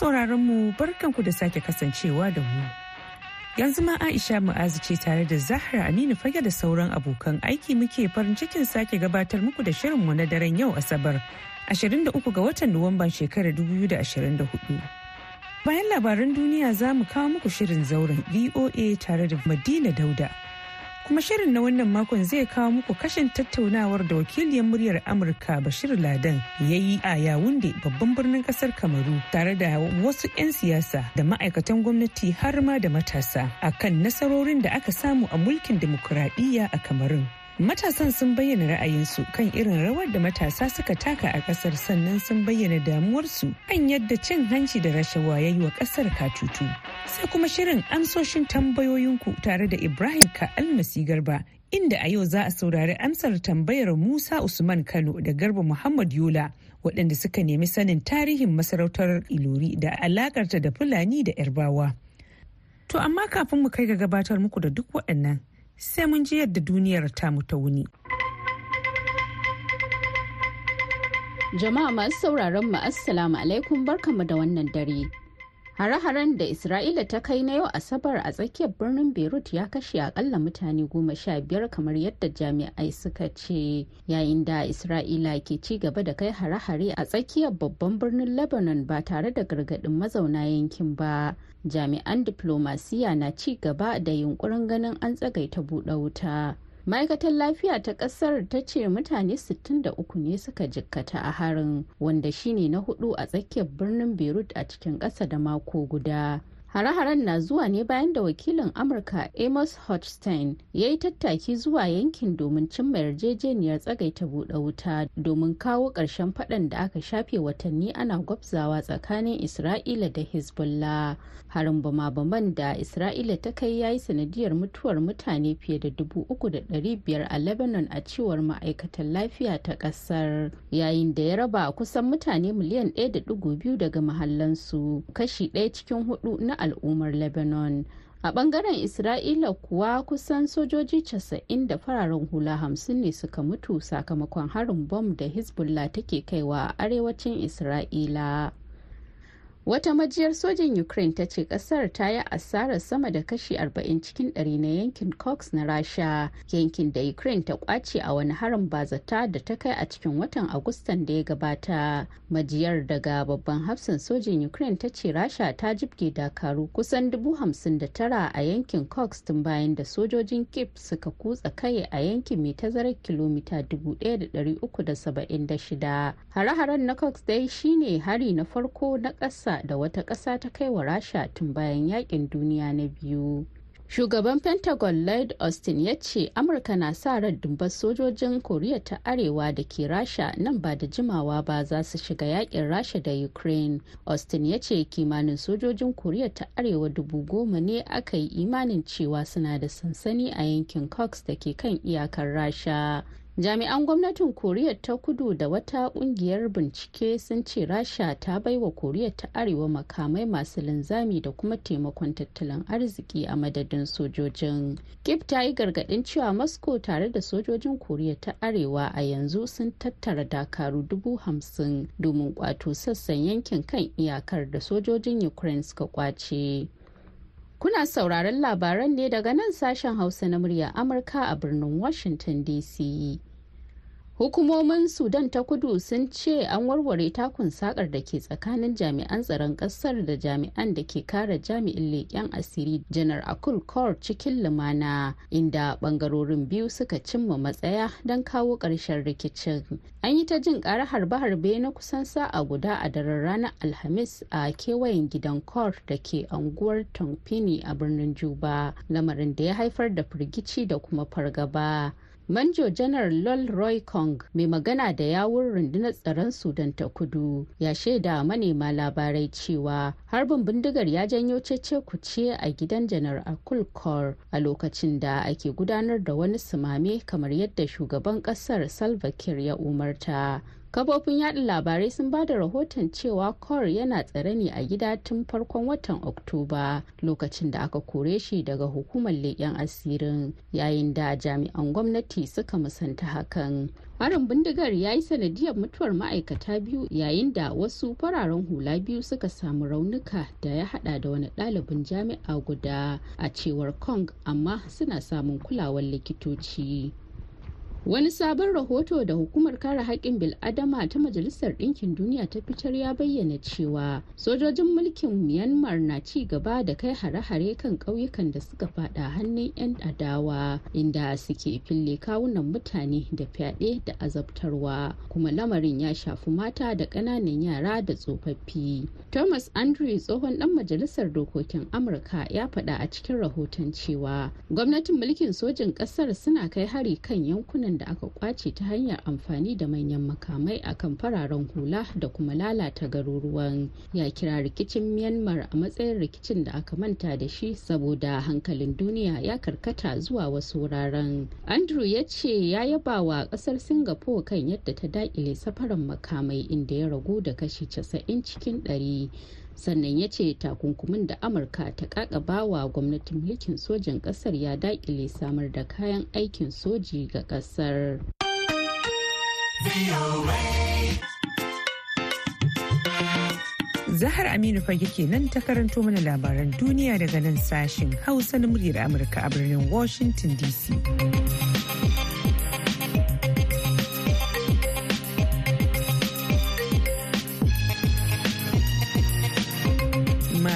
sauraron mu barkanku da sake kasancewa da mu. Yanzu ma Aisha Mu'azu ce tare da Zahra Aminu fage da sauran abokan aiki muke farin cikin sake gabatar muku da shirin mu na daren yau Asabar 23 ga watan Nuwamban shekarar 2024. Bayan labaran duniya za mu kawo muku shirin zauren VOA tare da Madina Dauda. kuma shirin na wannan makon zai kawo muku kashin tattaunawar da wakiliyar muryar amurka bashir ladan ya yi a yawunde babban birnin kasar kamaru tare da wasu 'yan siyasa da ma'aikatan gwamnati har ma da matasa akan nasarorin da aka samu a mulkin dimokuraɗiyya a kamarun Matasan sun bayyana ra'ayinsu kan irin rawar da matasa suka taka a kasar sannan sun bayyana damuwarsu kan yadda cin hanci da rashawa ya yi wa kasar katutu. Sai kuma shirin amsoshin tambayoyinku tare da Ibrahim Ka'almasi Garba inda a yau za a saurari amsar tambayar Musa Usman Kano da Garba Muhammad Yola waɗanda suka nemi sanin tarihin masarautar Ilori da alakarta da Fulani da Yarbawa. To amma kafin mu kai ga gabatar muku da duk waɗannan sai mun ji yadda duniyar ta ta wuni. Jama'a masu sauraron mu assalamu alaikum barkamu da wannan dare. Hare-haren da Isra'ila ta kai na yau Asabar a tsakiyar birnin Beirut ya kashe akalla mutane goma sha biyar kamar yadda jami'ai suka ce yayin da Isra'ila ke ci gaba da kai hare-hare a tsakiyar babban birnin Lebanon ba tare da gargaɗin mazauna yankin ba. Jami'an diplomasiya na ci gaba da yunkurin ganin an tsagaita buɗe wuta. ma'aikatar lafiya ta kasar ta ce mutane 63 ne suka jikkata a harin wanda shine na hudu a tsakiyar birnin beirut a cikin kasa da mako guda Hare-haren na zuwa ne bayan da wakilin Amurka Amos Hochstein ya yi tattaki zuwa yankin domin cimma yarjejeniyar tsagaita buɗe wuta domin kawo ƙarshen faɗan da aka shafe watanni ana gwabzawa tsakanin Isra'ila da Hezbollah. Harin bama-baman da Isra'ila ta kai ya yi sanadiyar mutuwar mutane fiye da dubu uku da ɗari biyar a Lebanon a cewar ma'aikatan lafiya ta ƙasar yayin da ya raba kusan mutane miliyan 1.2 daga mahallansu kashi ɗaya cikin hudu na al'ummar lebanon a bangaren isra'ila kuwa kusan sojoji casa'in da fararen hula 50 ne suka mutu sakamakon harin bom da hezbollah take kaiwa a arewacin isra'ila wata majiyar sojin ukraine ta ce kasar ta yi asarar sama da kashi 40 cikin 100 na yankin cox na rasha yankin da ukraine ta kwace a wani harin bazata da ta kai a cikin watan agustan da ya gabata majiyar daga babban hafsan sojin ukraine ta ce rasha ta jibge dakaru kusan 59 a yankin cox tun bayan da sojojin kip suka kutsa kai a yankin mai tazarar kilomita 1376 hare-haren na cox dai shine hari na farko na ƙasa Faransa da wata ƙasa ta kai wa rasha tun bayan yakin duniya na biyu shugaban pentagon lloyd austin ya ce amurka na sa ran dumbar sojojin koriya ta arewa da ke rasha nan ba da jimawa ba za su shiga yakin rasha da ukraine austin ya ce kimanin sojojin koriya ta arewa dubu goma ne aka yi imanin cewa suna da sansani a yankin cox da ke kan iyakar rasha jami'an gwamnatin koriya ta kudu da wata kungiyar bincike sun ce rasha ta baiwa koriya ta arewa makamai masu linzami da kuma taimakon tattalin arziki a madadin sojojin kip ta yi gargadin cewa moscow tare da sojojin koriya ta arewa a yanzu sun tattara dakaru dubu hamsin domin kwato sassan yankin kan iyakar da sojojin ukraine suka kwace Kuna sauraron labaran ne daga nan sashen Hausa na murya Amurka a birnin Washington DC. hukumomin sudan ta kudu sun ce an warware takun sakar da ke tsakanin jami'an tsaron kasar da jami'an da ke kare jami'in leƙen asiri janar akul kor cikin lumana inda bangarorin biyu suka cimma matsaya don kawo ƙarshen rikicin an yi ta jin ƙara harbe-harbe na kusan sa'a guda a daren ranar alhamis a kewayen gidan kor da ke anguwar tonfini a birnin juba lamarin da ya haifar da firgici da kuma fargaba manjo janar lol roy kong mai magana da yawun rundunar tsaron sudan ta kudu ya shaida manema labarai cewa harbin bindigar ya janyo cece kuce a gidan janar akul kor a lokacin da ake gudanar da wani sumame kamar yadda shugaban kasar salva kiir ya umarta kafofin yaɗa labarai sun bada rahoton cewa kor yana tsare ne a gida tun farkon watan oktoba lokacin da aka kore shi daga hukumar leƙen asirin yayin da jami'an gwamnati suka musanta hakan harin bindigar ya yi sanadiyar mutuwar ma'aikata biyu yayin da wasu fararen hula biyu suka samu raunuka da ya hada da wani ɗalibin jami'a guda a cewar kong amma suna samun kulawar likitoci Wani sabon rahoto da hukumar kare haƙƙin bil'adama ta Majalisar Ɗinkin Duniya ta fitar ya bayyana cewa sojojin mulkin Myanmar na ci gaba da kai hare-hare kan ƙauyukan da suka fada hannun 'yan adawa inda suke fille kawunan mutane da fyaɗe da azabtarwa kuma lamarin ya shafi mata da ƙananan yara da tsofaffi. Thomas Andrew tsohon ɗan Majalisar Dokokin Amurka ya faɗa a cikin rahoton cewa gwamnatin mulkin sojin ƙasar suna kai hari kan yankunan da aka kwace ta hanyar amfani da manyan makamai a kan fararen hula da kuma lalata garuruwan ya kira rikicin myanmar a matsayin rikicin da aka manta da shi saboda hankalin duniya ya karkata zuwa wasu wuraren andrew ya ce ya yaba wa kasar singapore kan yadda ta dakile safaran makamai inda ya ragu da kashi 90 cikin 100 sannan ya ce takunkumin da amurka ta ƙaƙabawa gwamnatin mulkin sojan kasar ya daƙile samar da kayan aikin soji ga kasar. Zahar Aminu fage ke nan ta karanto mana labaran duniya daga nan sashen Hausa na muryar Amurka a birnin Washington DC.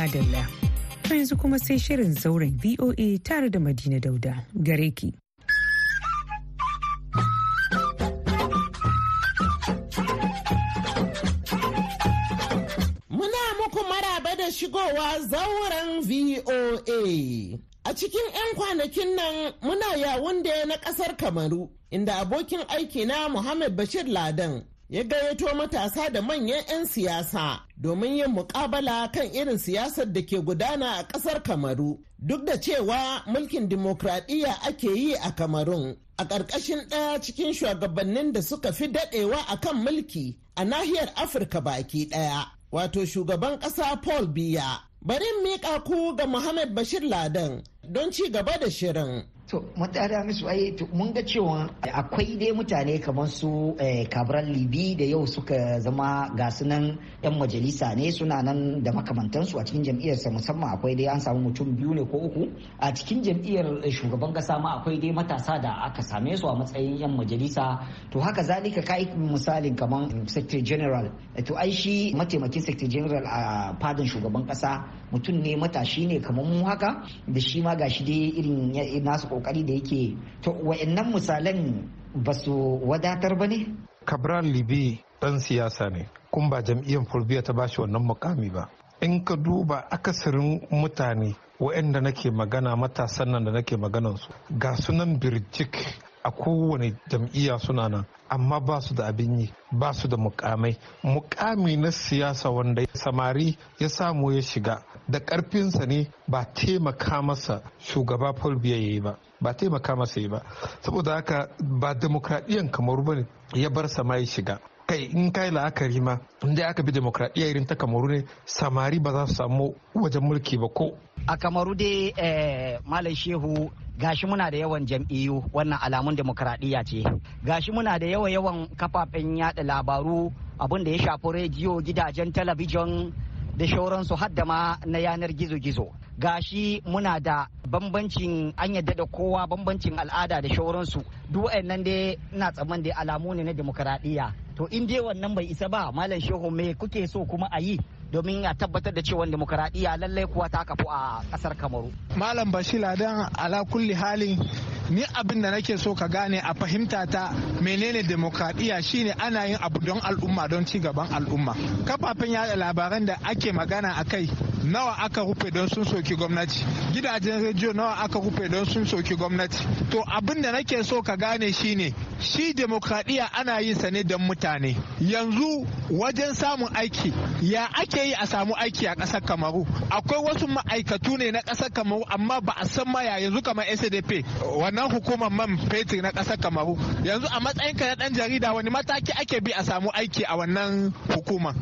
Madalla. Yanzu kuma sai shirin zauren VOA tare da Madina Dauda gare ki. Muna muku maraba da shigowa zauren VOA. A cikin 'yan kwanakin nan muna yawun da na ƙasar Kamaru, inda abokin aikina na Muhammad Bashir Ladan ya gayyato matasa da manyan 'yan siyasa domin yin mukabala kan irin siyasar da ke gudana a ƙasar kamaru duk da cewa mulkin dimokuraɗiyya ake yi a kamarun a ƙarƙashin ɗaya cikin shugabannin da suka fi daɗewa a kan mulki a nahiyar afirka baki ɗaya wato shugaban ƙasa paul biya bari miƙa ku ga muhammad bashir ladan don ci gaba da shirin To, matara misu ai mun ga cewa akwai dai mutane kamar su eh, Cabral Libi da yau suka zama ga nan 'yan majalisa ne suna nan da makamantansu a cikin jam'iyyarsa musamman akwai dai an samu mutum biyu ne ko uku. A cikin jam'iyyar eh, shugaban kasa ma akwai dai matasa da aka same su a matsayin 'yan majalisa. To haka zalika ka yi misalin kamar Secretary General. To ai shi mataimakin Secretary General a fadin shugaban kasa mutum ne matashi ne kamar mu haka da shi ma gashi dai irin nasu kokari da yake to wa'annan misalan ba su wadatar ba ne Cabral libi dan siyasa ne kun ba jam'iyyar fulbiya ta bashi wannan mukami ba in ka duba akasarin mutane wayanda nake magana matasan nan da nake maganan su ga sunan birjik a kowane jam'iyya suna nan amma ba su da abin yi ba su da mukamai mukami na siyasa wanda samari ya samu ya shiga da karfinsa ne ba taimaka masa shugaba paul biya ya yi ba ba taimaka masa yi ba saboda haka ba demokradiyyar kamar ba ne ya bar sama ya shiga kai in kai la'akari ma inda aka bi demokradiyya irin ta kamaru ne samari ba za su samu wajen mulki ba ko a kamaru dai eh, malam shehu gashi muna da yawan jam'iyyu wannan alamun demokradiyya ce gashi muna da yawa yawan kafafen yada labaru abin da ya shafi rediyo gidajen talabijin da shauransu har da ma na yanar gizo-gizo gashi muna da bambancin an yadda da kowa bambancin al'ada da shauransu duk nan dai ina tsaman da alamu ne na demokaradiyya to in dai wannan bai isa ba malam shehu me kuke so kuma a yi domin a tabbatar da cewa demokaradiyya lallai kuwa ta kafu a kasar kamaru malam bashila ladan ala kulli halin ni abin da nake so ka gane a fahimta ta menene demokradiyya shine ana yin abu don al'umma don ci gaban al'umma kafafen yada labaran da ake magana a kai nawa aka rufe don sun soki gwamnati gidajen rediyo nawa aka rufe don sun soki gwamnati to abin da nake so ka gane shine shi demokradiyya ana yin sa ne don mutane yanzu wajen samun aiki ya ake yi a samu aiki a ƙasar kamaru akwai wasu ma'aikatu ne na ƙasar kamaru amma ba a san ma ya yanzu kamar sdp wannan hukumar man fetur na ƙasar kamaru yanzu a matsayin ka na ɗan jarida wani mataki ake bi a samu aiki a wannan hukuma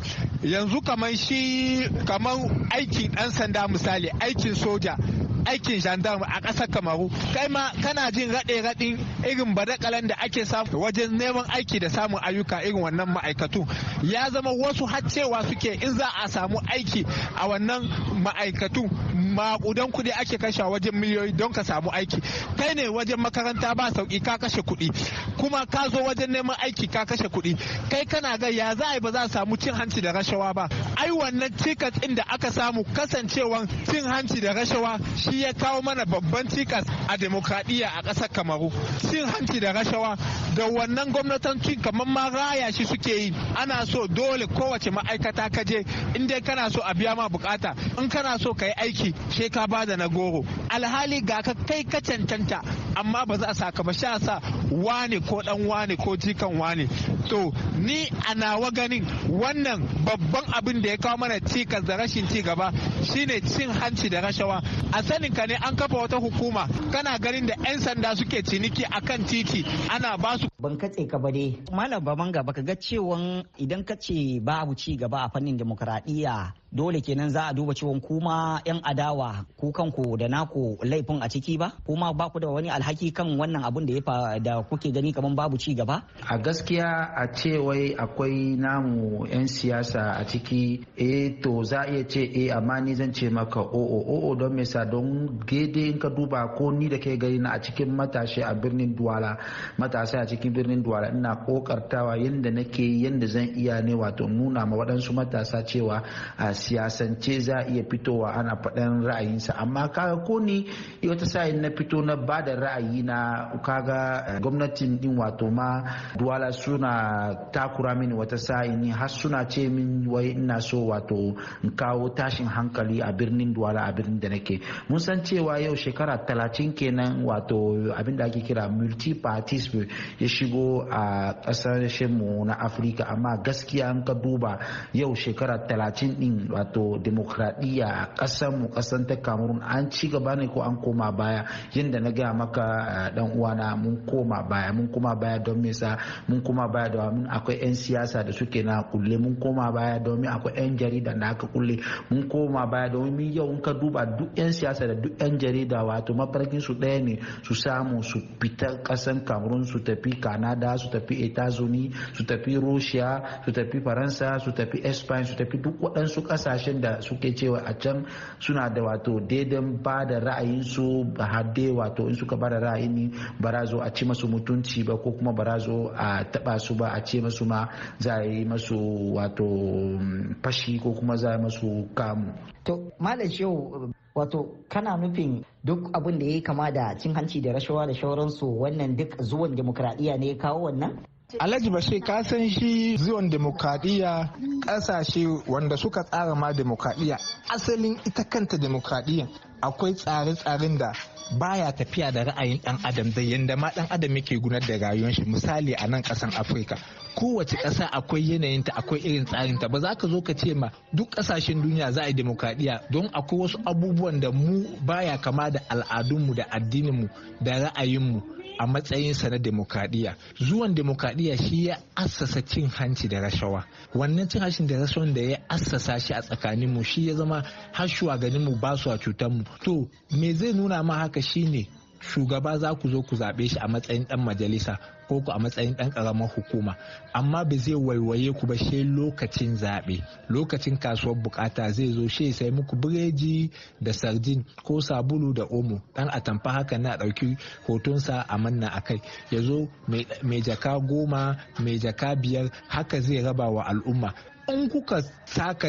yanzu kamar shi kamar aiki Aikin ɗan sanda misali aikin soja aikin gendarme a ƙasar kamaru kai ma kana jin raɗe raɗin irin badakalan da ake samu wajen neman aiki da samun ayyuka irin wannan ma'aikatu ya zama wasu har cewa suke in za a samu aiki a wannan ma'aikatu makudan kuɗi ake kashe wajen miliyoyi don ka samu aiki kai ne wajen makaranta ba sauki ka kashe kuɗi kuma ka zo wajen neman aiki ka kashe kuɗi kai kana ga ya za a yi ba za a samu cin hanci da rashawa ba ai wannan cikas din da aka samu kasancewan cin hanci da rashawa shi ya kawo mana babban cikas a demokradiyya a ƙasar kamaru cin hanci da rashawa da wannan gwamnatancin kamar ma raya shi suke yi ana so dole kowace ma'aikata ka je in dai kana so a biya ma bukata in kana so ka yi aiki sai ka bada na goro alhali ga ka kai ka cancanta amma ba za a saka ba sha sa wane ko dan wane ko jikan wane to ni a nawa ganin wannan babban abin da ya kawo mana cikas da rashin ci gaba shine cin hanci da rashawa a sanin ka ne an kafa wata hukuma kana ganin da 'yan sanda suke ciniki akan titi ana ba su ban katse ka bare malam bamanga baka ga cewa idan ka ce babu ci gaba a fannin demokuraɗiyya dole kenan za a duba cewa kuma 'yan adawa ku kanku da naku laifin a ciki ba kuma ba ku da wani alhaki kan wannan abun da ya fa da kuke gani kamar babu ci gaba a gaskiya a ce wai akwai namu 'yan siyasa a ciki eh to za a iya ce eh amma ni zan ce maka o'o oh, o'o oh, oh, don me sa don gede in ka duba ko ni da kai gani na a cikin matashi a birnin duwala matasa a cikin birnin duwala ina kokartawa yadda nake yadda zan iya ne wato nuna ma waɗansu matasa cewa a siyasance za a iya fitowa ana faɗan ra'ayinsa amma kaga ko ni wata sa'in na fito na ba da ra'ayi na kaga eh, gwamnatin din wato ma duwala suna takura mini wata sa'in ni har suna ce min wai ina so wato in kawo tashin hankali a birnin duwala a birnin da nake mun san cewa yau shekara talatin kenan wato abin da ake kira multi parties ya shigo a mu na afirka amma gaskiya an ka duba yau shekara talatin din wato demokradiyya a mu kasan ta kamerun an ci gaba ne ko an koma baya yadda na gaya maka dan eh, uwana mun koma baya mun koma baya don me sa mun koma baya mun akwai 'yan siyasa da suke na kulle mun koma baya domin akwai 'yan jarida da aka kulle mun koma baya domin yau in ka duba duk 'yan siyasa da duk 'yan jarida wato mafarkin su ɗaya ne su samu su fita ƙasan cameroon su tafi Kanada su tafi etazuni su tafi russia su tafi faransa su tafi spain su tafi duk waɗansu ƙasashen da suke cewa a can suna da wato daidan ba da ra'ayin su ba hadde wato in suka ba da ra'ayin ba zo a ci masu mutunci ba ko kuma ba zo a taɓa su ba a ce masu ma za a yi masu wato mm, fashi ko kuma za a yi masu kamu. To Malam Shehu wato kana nufin duk abin da ya kama da cin hanci da rashawa da shauransu wannan duk zuwan demokradiyya ne ya kawo wannan Alhaji Bashir ka san shi zuwan demokradiyya kasashe wanda suka tsara ma demokradiyya asalin ita kanta demokradiyya akwai tsare-tsaren da baya tafiya da ra'ayin dan adam da yanda ma dan adam yake gunar da rayuwar shi misali a nan kasan afirka kowace ƙasa akwai yanayinta akwai irin tsarinta ba za ka zo ka ce ma duk ƙasashen duniya za a yi demokradiyya don akwai wasu abubuwan da mu baya kama da al'adunmu da addininmu da ra'ayinmu a matsayinsa na demokradiyya zuwan demokradiyya shi ya assasa cin hanci da rashawa wannan cin hanci da rashawan da ya assasa shi a tsakaninmu shi ya zama har shugabanninmu ba su a mu to me zai nuna ma haka shine shugaba za ku zo ku zaɓe shi a matsayin ɗan majalisa ko ku a matsayin ɗan ƙaramar hukuma amma ba zai waiwaye ku ba shi lokacin zaɓe lokacin kasuwar bukata zai zo shi sai muku bireji da sardin ko sabulu da omo ɗan atamfa haka na ɗauki hotonsa a manna a kai ya zo mai jaka goma mai jaka biyar haka zai raba wa al'umma in kuka saka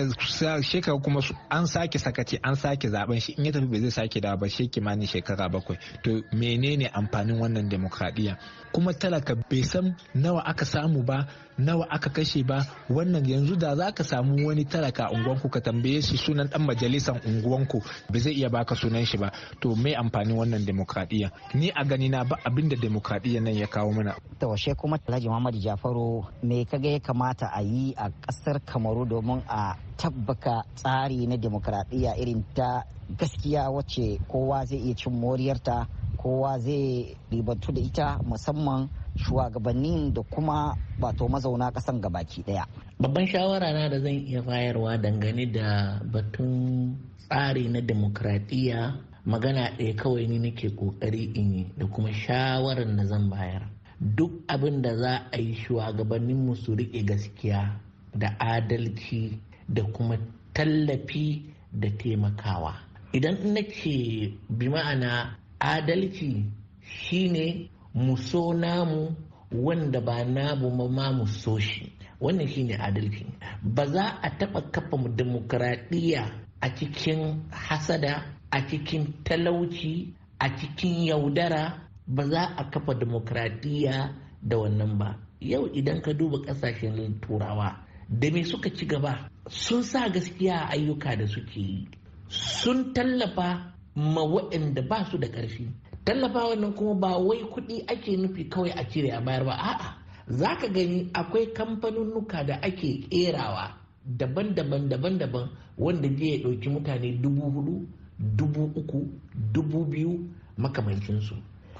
shekara kuma an sake sakaci an sake zaben shi in ya tafi bai zai sake dawa ba shi kimanin shekara bakwai to menene amfanin wannan demokradiyya kuma talaka bai san nawa aka samu ba nawa aka kashe ba wannan yanzu da za ka samu wani talaka unguwanku ka tambaye shi sunan dan majalisan unguwanku ba zai iya baka sunan shi ba to me amfanin wannan demokradiyya ni a gani na ba abin da demokradiyya nan ya kawo mana ta washe kuma Alhaji Muhammad Jafaru me kaga ya kamata a yi a kasar Kamaru domin a tabbaka tsari na demokradiyya irin ta gaskiya wacce kowa zai iya cin moriyarta kowa zai ribatu da ita musamman shugabannin da kuma bato mazauna kasan gabaki daya. Babban shawara na da zan iya bayarwa dangane da batun tsari na demokradiyya magana ɗaya kawai ni nake ƙoƙari in yi da kuma shawarar da zan bayar. Duk abin da za a yi shugabannin su riƙe gaskiya da adalci da kuma tallafi da taimakawa. Idan na ce bi ma'ana adalci shine mu so namu wanda ba namu ma mu so shi wannan shine adalci ba za a taɓa kafa dimokuraɗiyya a cikin hasada a cikin talauci a cikin yaudara ba za a kafa dimokuraɗiyya da wannan ba yau idan ka duba ƙasashen turawa da me suka ci gaba sun sa gaskiya ayyuka da suke yi sun tallafa ma waɗanda ba su da ƙarfi tallafawa nan kuma ba wai kuɗi ake nufi kawai a cire a bayar ba a'a za ka gani akwai kamfanunnuka da ake ƙerawa daban-daban daban-daban wanda zai ya ɗauki mutane dubu hudu dubu uku dubu biyu makamancinsu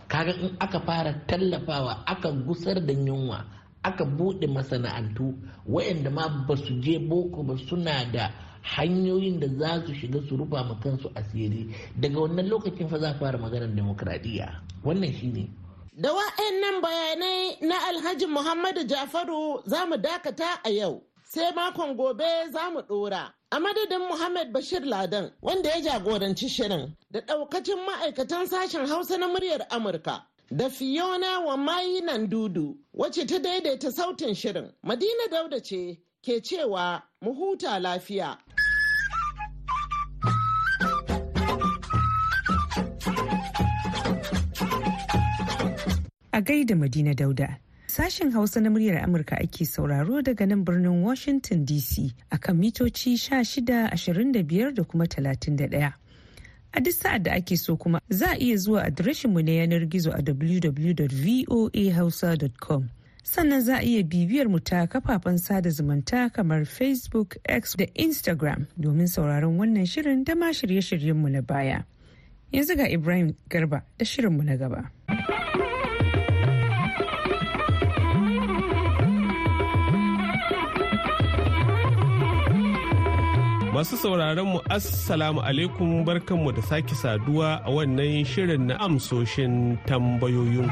kaga in aka fara tallafawa aka gusar da yunwa aka buɗe masana'antu wayanda ma ba su je boko ba suna da hanyoyin da za su shiga su rufa ma kansu asiri daga wannan lokacin fa za fara maganar demokradiyya wannan shine da wa'annan bayanai na alhaji muhammadu jafaru za mu dakata a yau sai makon gobe za mu ɗora. A madadin Muhammad Bashir Ladan wanda ya jagoranci shirin da ɗaukacin ma'aikatan sashen Hausa na muryar Amurka. Da Fiona wa mai nan dudu wacce ta daidaita sautin shirin. Madina Dauda ce ke cewa mu huta lafiya. a gaida Madina Dauda. Sashen Hausa na muryar Amurka ake sauraro daga nan birnin Washington DC a kan mitoci 1625 da kuma 31. A duk sa'ad da ake so kuma za a iya zuwa adireshinmu na yanar gizo a www.voahausa.com. Sannan za a iya bibiyar mu ta kafafen sada zumunta kamar Facebook, X da Instagram domin sauraron wannan shirin da ma shirye-shiryenmu na baya. Yanzu ga Ibrahim Garba da shirinmu na gaba. Masu sauraron mu Assalamu alaikum barkanmu da sake saduwa a wannan shirin na amsoshin tambayoyin.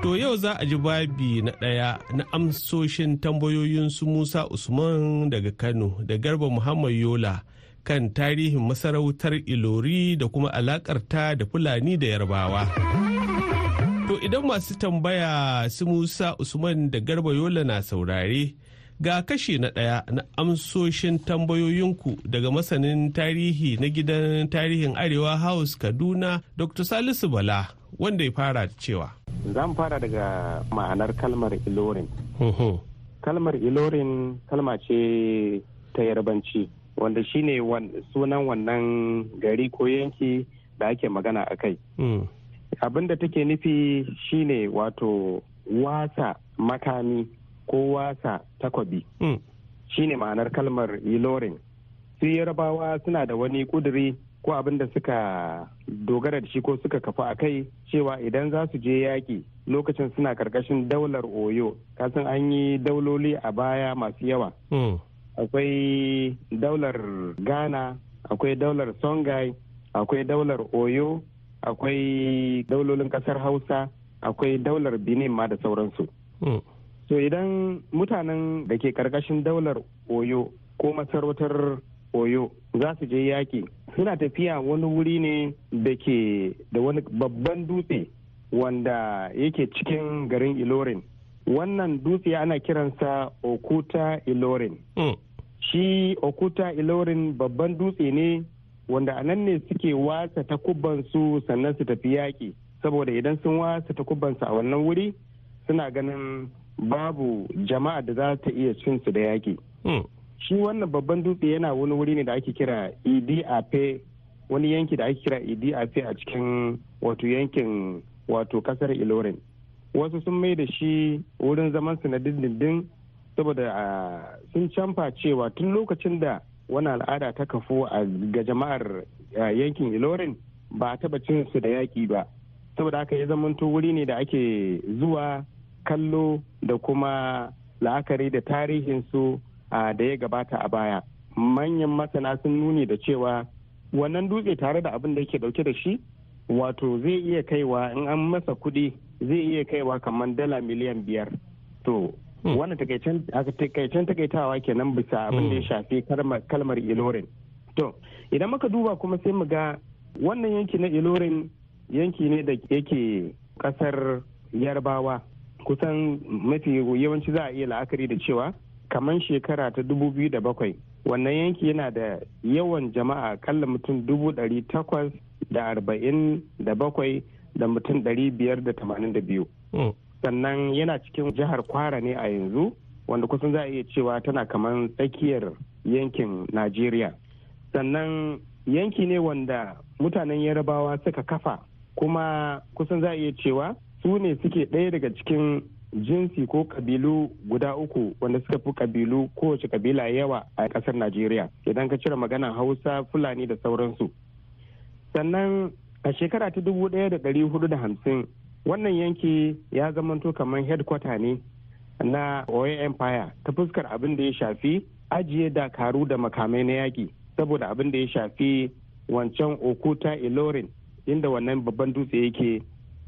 To yau za a ji babi na ɗaya na amsoshin tambayoyin su Musa Usman daga Kano da Garba Muhammad Yola kan tarihin masarautar ilori da kuma alakarta da fulani da yarbawa to idan masu tambaya su musa usman da garba yola na saurare ga kashi na ɗaya na amsoshin tambayoyinku daga masanin tarihi na gidan tarihin arewa house kaduna dr salisu bala wanda ya fara cewa zan fara daga ma'anar kalmar ilorin kalmar ilorin kalma ce ta yarbanci wanda shine sunan wannan gari ko yanki da ake magana a kai hmm. abin da take nufi shine wato wasa makami ko wasa takwabi hmm. shine ma'anar kalmar ilorin su yarabawa suna da wani kuduri ko abin da suka dogara da shi ko suka kafa a kai cewa idan za su je yaƙi lokacin suna karkashin daular oyo kasan an yi dauloli a baya masu yawa hmm. akwai daular ghana akwai daular songhai akwai daular oyo akwai daulolin kasar hausa akwai daular benin ma da sauransu hmm. so idan mutanen da ke karkashin daular oyo ko masarautar oyo za su je yaƙi suna tafiya wani wuri ne da ke da wani babban dutse wanda yake cikin garin ilorin wannan dutse ana kiransa okuta ilorin hmm. shi okuta ilorin babban dutse ne wanda anan ne suke wasa takubansu sannan su tafi yaƙi saboda idan sun wasa takubansu a wannan wuri suna ganin babu jama'a da za ta iya cinsu da yaƙi hmm. shi wannan babban dutse yana wani wuri ne da ake kira idi afe wani yanki da ake kira idi afe a cikin wato yankin wato kasar ilorin wasu sun mai da shi wurin zaman su na dindindin saboda sun canfa cewa tun lokacin da wani al'ada ta kafu ga jama'ar yankin ilorin ba a taba cin su da yaƙi ba saboda haka ya zamanto wuri ne da ake zuwa kallo da kuma la'akari da tarihin su da ya gabata a baya manyan masana sun nuni da cewa wannan dutse tare da abin da yake dauke da shi wato zai iya kaiwa in an masa kuɗi zai iya kaiwa kamar dala miliyan biyar to hmm. wannan takaicen takaitawa kenan bisa abin da ya hmm. shafi kalmar ilorin to idan muka duba kuma sai mu ga wannan yanki na ilorin yanki ne da yake kasar yarbawa kusan mafi yawanci za a iya la'akari da cewa kamar shekara ta dubu biyu da bakwai wannan yanki yana da yawan jama'a kalla mutum dubu ɗari takwas da arba'in da bakwai da mutum 582 biyar da hmm. sannan yana cikin jihar kwara ne a yanzu wanda kusan za a iya cewa tana kamar tsakiyar yankin najeriya sannan yanki ne wanda mutanen yarabawa suka kafa kuma kusan za a iya cewa su ne suke ɗaya daga cikin jinsi ko kabilu guda uku wanda suka fi kabilu kowace kabila yawa a ƙasar najeriya idan ka cire maganan hausa fulani da sauransu sannan a shekara ta dubu ɗaya da ɗari hudu da hamsin wannan yanki ya zamanto kamar headquarter ne na oil empire ta fuskar abin da ya shafi ajiye dakaru da makamai na yaƙi saboda abin da ya shafi wancan okuta ilorin inda wannan babban dutse yake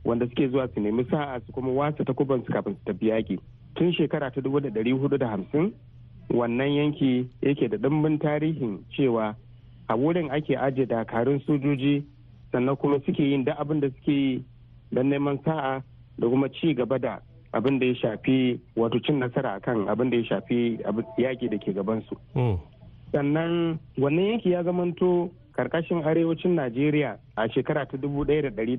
wanda suke zuwa su nemi sa'a su kuma wasa ta su kafin su tafi yaki tun shekara ta dubu da ɗari hudu da hamsin wannan yanki yake da ɗimbin tarihin cewa a wurin ake ajiye dakarun sojoji sannan kuma suke yin da abin da suke yi don neman sa'a da kuma ci gaba da abin da ya shafi wato cin nasara akan abin da ya shafi yaƙi da ke gabansu. Hmm. sannan wannan yanki ya zamanto karkashin arewacin najeriya a shekara ta dubu ɗaya da da ɗari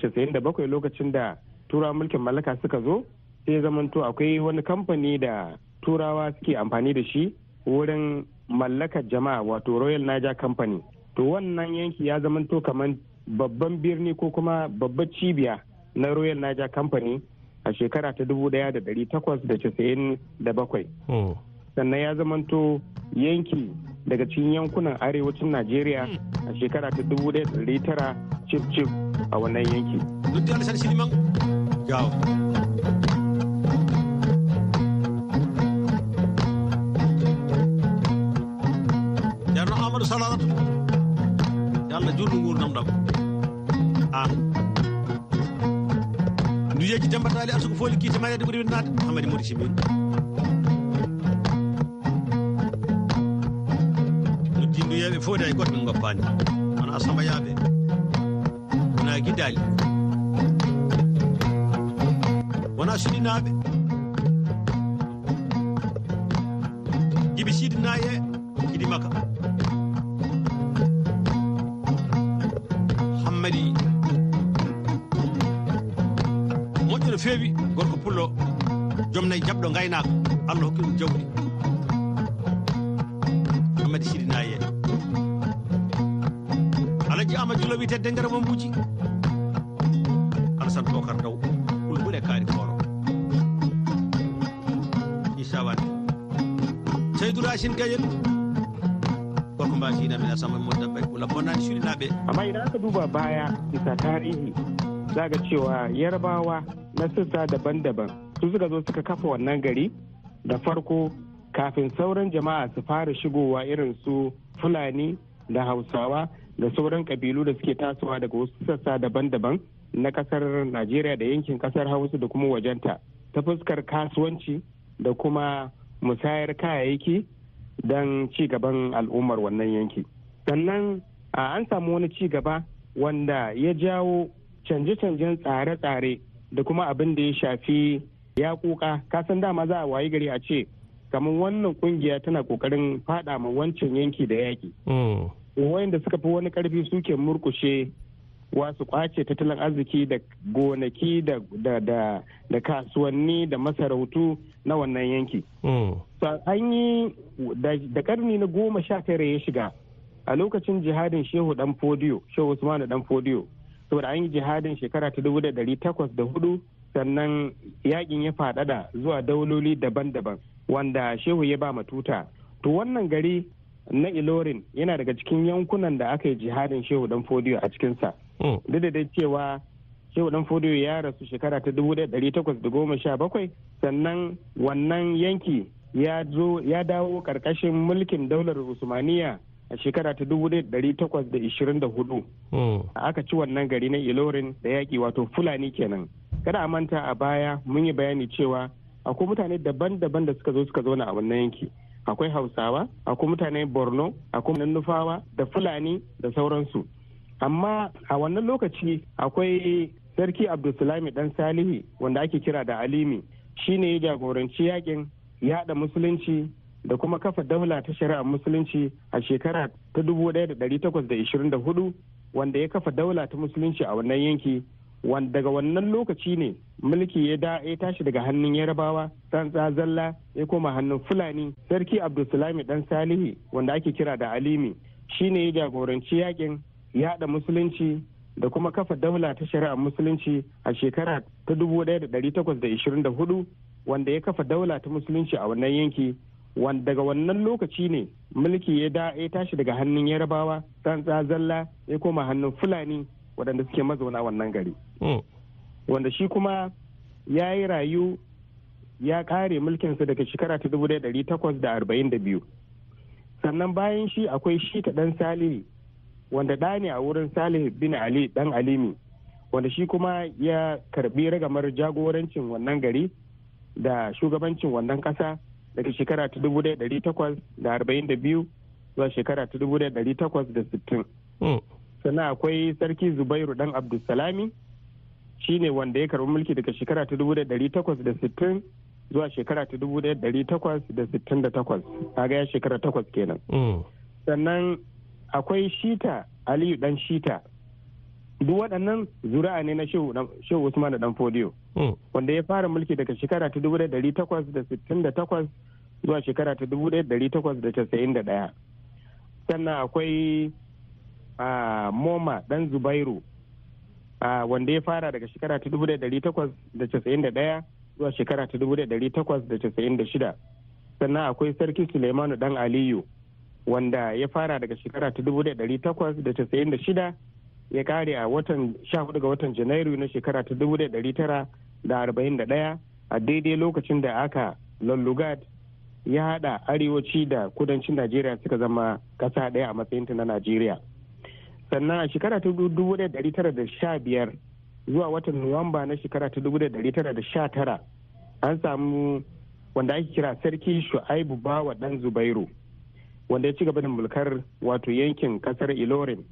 casa'in bakwai lokacin da turawa mulkin mallaka suka zo sai zamanto akwai wani kamfani da turawa suke amfani da shi wurin mallakar jama'a wato royal niger company to wannan yanki ya zamanto kamar babban birni ko kuma babbar cibiya na royal Niger company a shekara ta 1897 hmm. sannan ya zamanto yanki daga cikin yankunan arewacin najeriya hmm. a shekara ta 1900 cif cif a wannan yanki. ɗam an ah. nduyeji dembatali arsugo fooli kiite ma yede ɓuuri winnade hamadi modi simin noddi nduyeɓe foodi hay goto min goppani on asama yaaɓe amadi moƴƴo no feewi gorko pullo joom nayi jaɓɗo gaynako allah hokki ɗum jawdi amadi sidi nayi alaji ama julo wi tedde ngara mambuji alassane bocar daw ɓulɓuɗe kaari kooro isa seydou racine gayel lambon na amma idan aka duba baya bisa tarihi za ga cewa yarbawa na sassa daban-daban su suka zo suka kafa wannan gari da farko kafin sauran jama'a su fara shigowa irin su fulani da hausawa da sauran kabilu da suke tasowa daga wasu sassa daban-daban na kasar najeriya da yankin kasar hausa da kuma wajenta ta fuskar kasuwanci da kuma musayar kayayyaki don ci gaban al'ummar wannan yankin sannan an samu wani ci gaba wanda ya jawo canje-canjen tsare-tsare da kuma abin da ya shafi ya kuka kasan dama za a wayi gari a ce kamar wannan kungiya tana kokarin fada ma wancan yanki da yaki mm. wayanda suka fi wani karfi suke murkushe wasu kwace tattalin arziki da gonaki da kasuwanni da masarautu na wannan yanki mm. an yi da karni na goma sha tara ya shiga a lokacin jihadin shehu dan fodiyo shehu usman dan fodiyo saboda an yi jihadin shekara ta dubu da dari takwas da hudu sannan yakin ya faɗaɗa zuwa dauloli daban-daban wanda shehu ya ba matuta to wannan gari na ilorin yana daga cikin yankunan da aka yi jihadin shehu dan fodiyo a cikinsa hmm. duk da dai cewa shehu dan fodiyo ya rasu shekara ta dubu da dari takwas da goma sha bakwai sannan wannan yanki ya dawo karkashin mulkin daular usmaniya a shekara ta dubu takwas da ishirin da hudu hmm. aka ci wannan gari na ilorin da yaƙi wato fulani kenan kada a manta a baya mun yi bayani cewa akwai mutane daban-daban da suka zo suka zauna a wannan yanki akwai hausawa akwai mutane borno akwai nufawa da fulani da sauransu amma a wannan lokaci akwai sarki abdulsalami dan salihi wanda ake kira da alimi shine ya jagoranci yakin yaɗa musulunci da kuma kafa daula ta shari'ar musulunci a shekara ta 1824 wanda ya kafa daula ta musulunci a wannan yanki wanda daga wannan lokaci ne mulki ya da ya tashi daga hannun yarabawa tsantsa zalla ya koma hannun fulani sarki abdulsalami dan salihi wanda ake kira da alimi shine ya jagoranci yakin yada musulunci da kuma kafa daula ta shari'ar musulunci a shekara ta 1824 wanda ya kafa daula ta musulunci a wannan yanki wanda daga wannan lokaci ne mulki ya da ya tashi daga hannun yarabawa dan zalla ya koma hannun fulani waɗanda suke mazauna wannan gari hmm. wanda shi kuma ya yi rayu ya kare mulkinsa daga shekara ta dubu takwas da arba'in da biyu sannan bayan shi akwai shi ta ɗan salihu wanda ɗa ne a wurin salih bin ali ɗan alimi wanda shi kuma ya karbi ragamar jagorancin wannan gari da shugabancin wannan ƙasa daga shekara ta dubu da dari takwas da arba'in da biyu zuwa shekara ta dubu da dari takwas da sittin. Hmm. Sannan akwai Sarki Zubairu dan Abdulsalami shi ne wanda ya karɓi mulki daga shekara ta dubu da dari takwas da sittin zuwa shekara ta dubu da dari takwas da sittin da takwas. Kaga ya shekara takwas kenan. Hmm. Sannan akwai Shita Aliyu dan Shita duk waɗannan zuri'a ne na shehu usman da dan hmm. wanda ya fara mulki daga shekara ta dubu ɗari takwas da sittin da takwas zuwa shekara ta dubu ɗari takwas da casa'in da ɗaya sannan akwai moma dan zubairu wanda ya fara daga shekara ta dubu ɗari takwas da casa'in da ɗaya zuwa shekara ta dubu ɗari takwas da casa'in da shida sannan akwai sarki suleimanu dan aliyu wanda ya fara daga shekara ta dubu ɗari takwas da casa'in da shida ya kare a watan 14 ga watan janairu na shekara ta 1941 a daidai lokacin da aka lullugat ya hada arewaci da kudancin najeriya suka zama kasa daya a matsayinta na najeriya sannan a shekara ta 1915 zuwa watan nuwamba na shekara ta 1919 an samu wanda ake kira sarki shu'aibu bawa dan zubairu wanda ya ci gaba da mulkar wato yankin kasar ilorin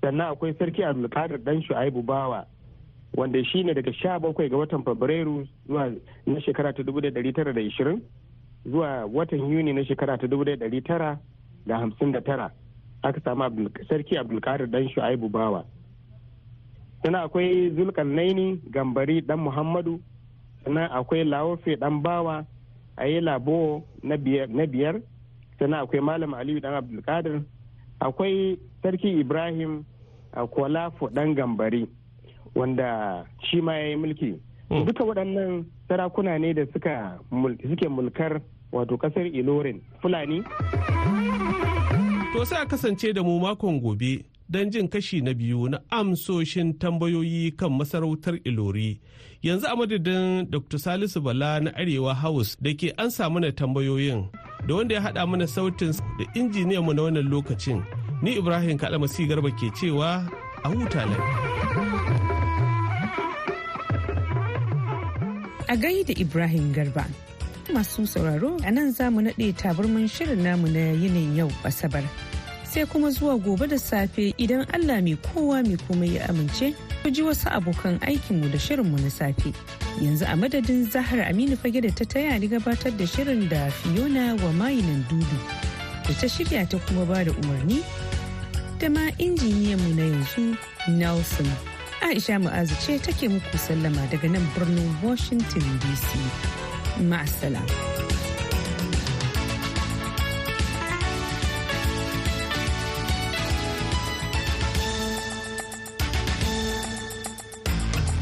sannan akwai sarki abdulkadir dan shu'aibu bawa wanda shi ne daga sha bakwai ga watan fabrairu zuwa na shekara ta dubu da tara da ishirin zuwa watan yuni na shekara ta dubu da tara da hamsin da tara aka samu sarki abdulkadir dan shu'aibu bawa sannan akwai naini gambari dan muhammadu sannan akwai lawofe dan bawa a yi labo na biyar sannan akwai malam aliyu dan abdulkadir akwai sarki ibrahim a kwalafu dan gambari wanda shi ma ya yi mulki hmm. duka waɗannan sarakuna ne da suke mulkar wato kasar ilorin fulani to sai a kasance da mu makon gobe don jin kashi na biyu na amsoshin tambayoyi kan masarautar ilori yanzu a madadin dr salisu bala na arewa house da ke an samu na tambayoyin da wanda ya haɗa mana sautin da injiniyan mu na wannan lokacin ni ibrahim kalamasi garba ke cewa a huta a gai da ibrahim garba masu sauraro a nan za mu naɗe tabarman shirin namu na yinin yau asabar sai kuma zuwa gobe da safe idan allah mai kowa mai komai ya amince ku ji wasu abokan aikinmu da shirinmu na safe. Yanzu a madadin zahar Aminu fage da ta taya ni gabatar da shirin da Fiona wa mayinan dudu da ta shirya ta kuma ba da umarni da ma injiniyanmu na yanzu Nelson. Aisha Mu'azu ce take muku sallama daga nan birnin Washington DC. Ma'asala.